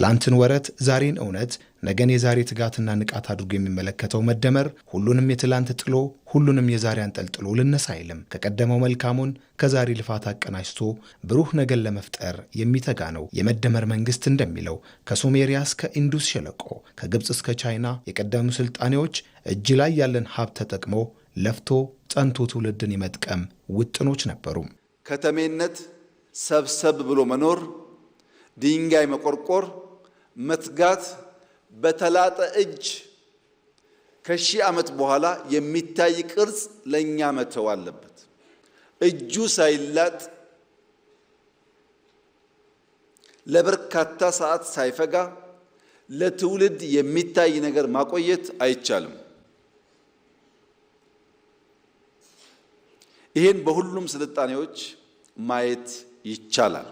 ትላንትን ወረት፣ ዛሬን እውነት፣ ነገን የዛሬ ትጋትና ንቃት አድርጎ የሚመለከተው መደመር ሁሉንም የትላንት ጥሎ ሁሉንም የዛሬ አንጠልጥሎ ልነሳ አይልም። ከቀደመው መልካሙን ከዛሬ ልፋት አቀናጅቶ ብሩህ ነገን ለመፍጠር የሚተጋ ነው። የመደመር መንግስት እንደሚለው ከሱሜሪያ እስከ ኢንዱስ ሸለቆ ከግብፅ እስከ ቻይና የቀደሙ ስልጣኔዎች እጅ ላይ ያለን ሀብት ተጠቅሞ ለፍቶ ጸንቶ ትውልድን የመጥቀም ውጥኖች ነበሩ። ከተሜነት ሰብሰብ ብሎ መኖር፣ ድንጋይ መቆርቆር መትጋት በተላጠ እጅ ከሺህ ዓመት በኋላ የሚታይ ቅርጽ ለእኛ መተው አለበት። እጁ ሳይላጥ ለበርካታ ሰዓት ሳይፈጋ ለትውልድ የሚታይ ነገር ማቆየት አይቻልም። ይህን በሁሉም ስልጣኔዎች ማየት ይቻላል።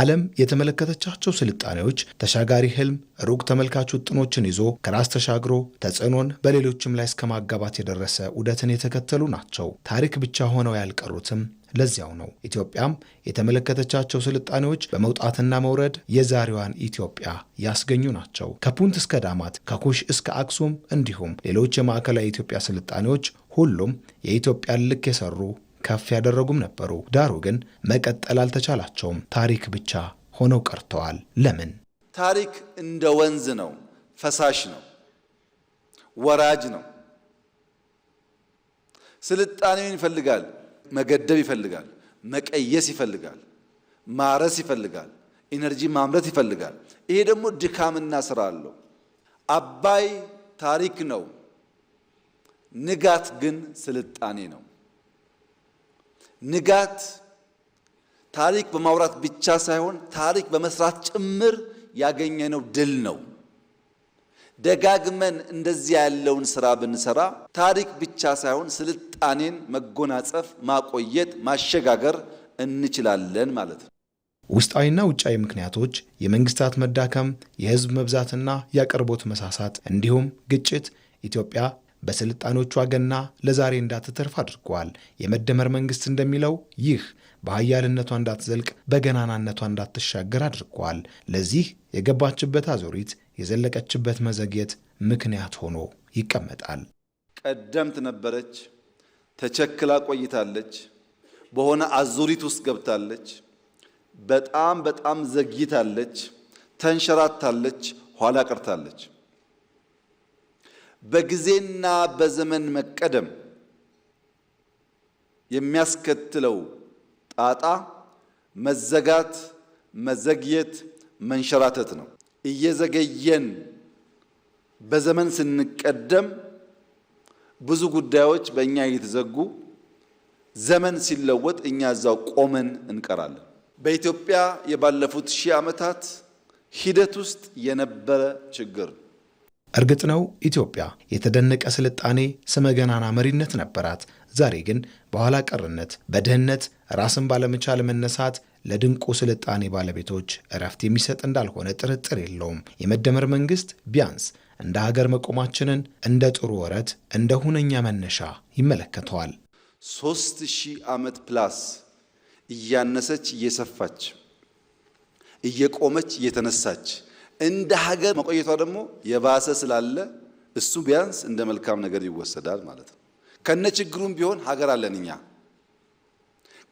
ዓለም የተመለከተቻቸው ስልጣኔዎች ተሻጋሪ ህልም ሩቅ ተመልካች ውጥኖችን ይዞ ከራስ ተሻግሮ ተጽዕኖን በሌሎችም ላይ እስከ ማጋባት የደረሰ ውደትን የተከተሉ ናቸው። ታሪክ ብቻ ሆነው ያልቀሩትም ለዚያው ነው። ኢትዮጵያም የተመለከተቻቸው ስልጣኔዎች በመውጣትና መውረድ የዛሬዋን ኢትዮጵያ ያስገኙ ናቸው። ከፑንት እስከ ዳማት፣ ከኩሽ እስከ አክሱም እንዲሁም ሌሎች የማዕከላዊ ኢትዮጵያ ስልጣኔዎች ሁሉም የኢትዮጵያን ልክ የሰሩ ከፍ ያደረጉም ነበሩ። ዳሩ ግን መቀጠል አልተቻላቸውም። ታሪክ ብቻ ሆነው ቀርተዋል። ለምን? ታሪክ እንደ ወንዝ ነው፣ ፈሳሽ ነው፣ ወራጅ ነው። ስልጣኔውን ይፈልጋል፣ መገደብ ይፈልጋል፣ መቀየስ ይፈልጋል፣ ማረስ ይፈልጋል፣ ኢነርጂ ማምረት ይፈልጋል። ይሄ ደግሞ ድካምና ስራ አለው። አባይ ታሪክ ነው፣ ንጋት ግን ስልጣኔ ነው። ንጋት ታሪክ በማውራት ብቻ ሳይሆን ታሪክ በመስራት ጭምር ያገኘነው ድል ነው። ደጋግመን እንደዚህ ያለውን ስራ ብንሰራ ታሪክ ብቻ ሳይሆን ስልጣኔን መጎናጸፍ፣ ማቆየት፣ ማሸጋገር እንችላለን ማለት ነው። ውስጣዊና ውጫዊ ምክንያቶች የመንግስታት መዳከም፣ የህዝብ መብዛትና የአቅርቦት መሳሳት እንዲሁም ግጭት ኢትዮጵያ በስልጣኔዎቿ ገና ለዛሬ እንዳትተርፍ አድርገዋል። የመደመር መንግስት እንደሚለው ይህ በሀያልነቷ እንዳትዘልቅ በገናናነቷ እንዳትሻገር አድርጓል። ለዚህ የገባችበት አዙሪት የዘለቀችበት መዘግየት ምክንያት ሆኖ ይቀመጣል። ቀደምት ነበረች፣ ተቸክላ ቆይታለች፣ በሆነ አዙሪት ውስጥ ገብታለች፣ በጣም በጣም ዘግይታለች፣ ተንሸራታለች፣ ኋላ ቀርታለች። በጊዜና በዘመን መቀደም የሚያስከትለው ጣጣ መዘጋት፣ መዘግየት፣ መንሸራተት ነው። እየዘገየን በዘመን ስንቀደም ብዙ ጉዳዮች በእኛ እየተዘጉ ዘመን ሲለወጥ እኛ እዛው ቆመን እንቀራለን። በኢትዮጵያ የባለፉት ሺህ ዓመታት ሂደት ውስጥ የነበረ ችግር እርግጥ ነው ኢትዮጵያ የተደነቀ ስልጣኔ፣ ስመገናና መሪነት ነበራት። ዛሬ ግን በኋላ ቀርነት፣ በድህነት፣ ራስን ባለመቻል መነሳት ለድንቁ ስልጣኔ ባለቤቶች እረፍት የሚሰጥ እንዳልሆነ ጥርጥር የለውም። የመደመር መንግስት ቢያንስ እንደ ሀገር መቆማችንን እንደ ጥሩ ወረት፣ እንደ ሁነኛ መነሻ ይመለከተዋል። ሶስት ሺህ ዓመት ፕላስ እያነሰች እየሰፋች እየቆመች እየተነሳች እንደ ሀገር መቆየቷ ደግሞ የባሰ ስላለ እሱ ቢያንስ እንደ መልካም ነገር ይወሰዳል ማለት ነው። ከነ ችግሩም ቢሆን ሀገር አለን እኛ።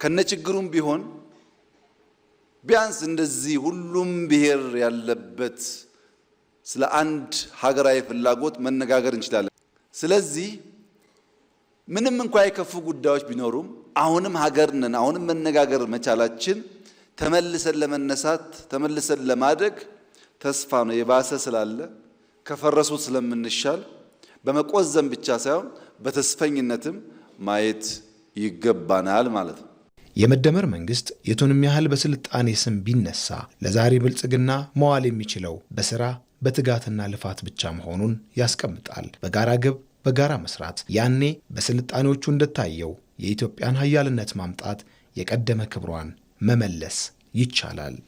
ከነ ችግሩም ቢሆን ቢያንስ እንደዚህ ሁሉም ብሔር ያለበት ስለ አንድ ሀገራዊ ፍላጎት መነጋገር እንችላለን። ስለዚህ ምንም እንኳ የከፉ ጉዳዮች ቢኖሩም አሁንም ሀገር ነን። አሁንም መነጋገር መቻላችን ተመልሰን ለመነሳት ተመልሰን ለማደግ ተስፋ ነው። የባሰ ስላለ ከፈረሱት ስለምንሻል በመቆዘም ብቻ ሳይሆን በተስፈኝነትም ማየት ይገባናል ማለት ነው። የመደመር መንግስት የቱንም ያህል በስልጣኔ ስም ቢነሳ ለዛሬ ብልጽግና መዋል የሚችለው በስራ በትጋትና ልፋት ብቻ መሆኑን ያስቀምጣል። በጋራ ግብ በጋራ መስራት፣ ያኔ በስልጣኔዎቹ እንደታየው የኢትዮጵያን ሀያልነት ማምጣት፣ የቀደመ ክብሯን መመለስ ይቻላል።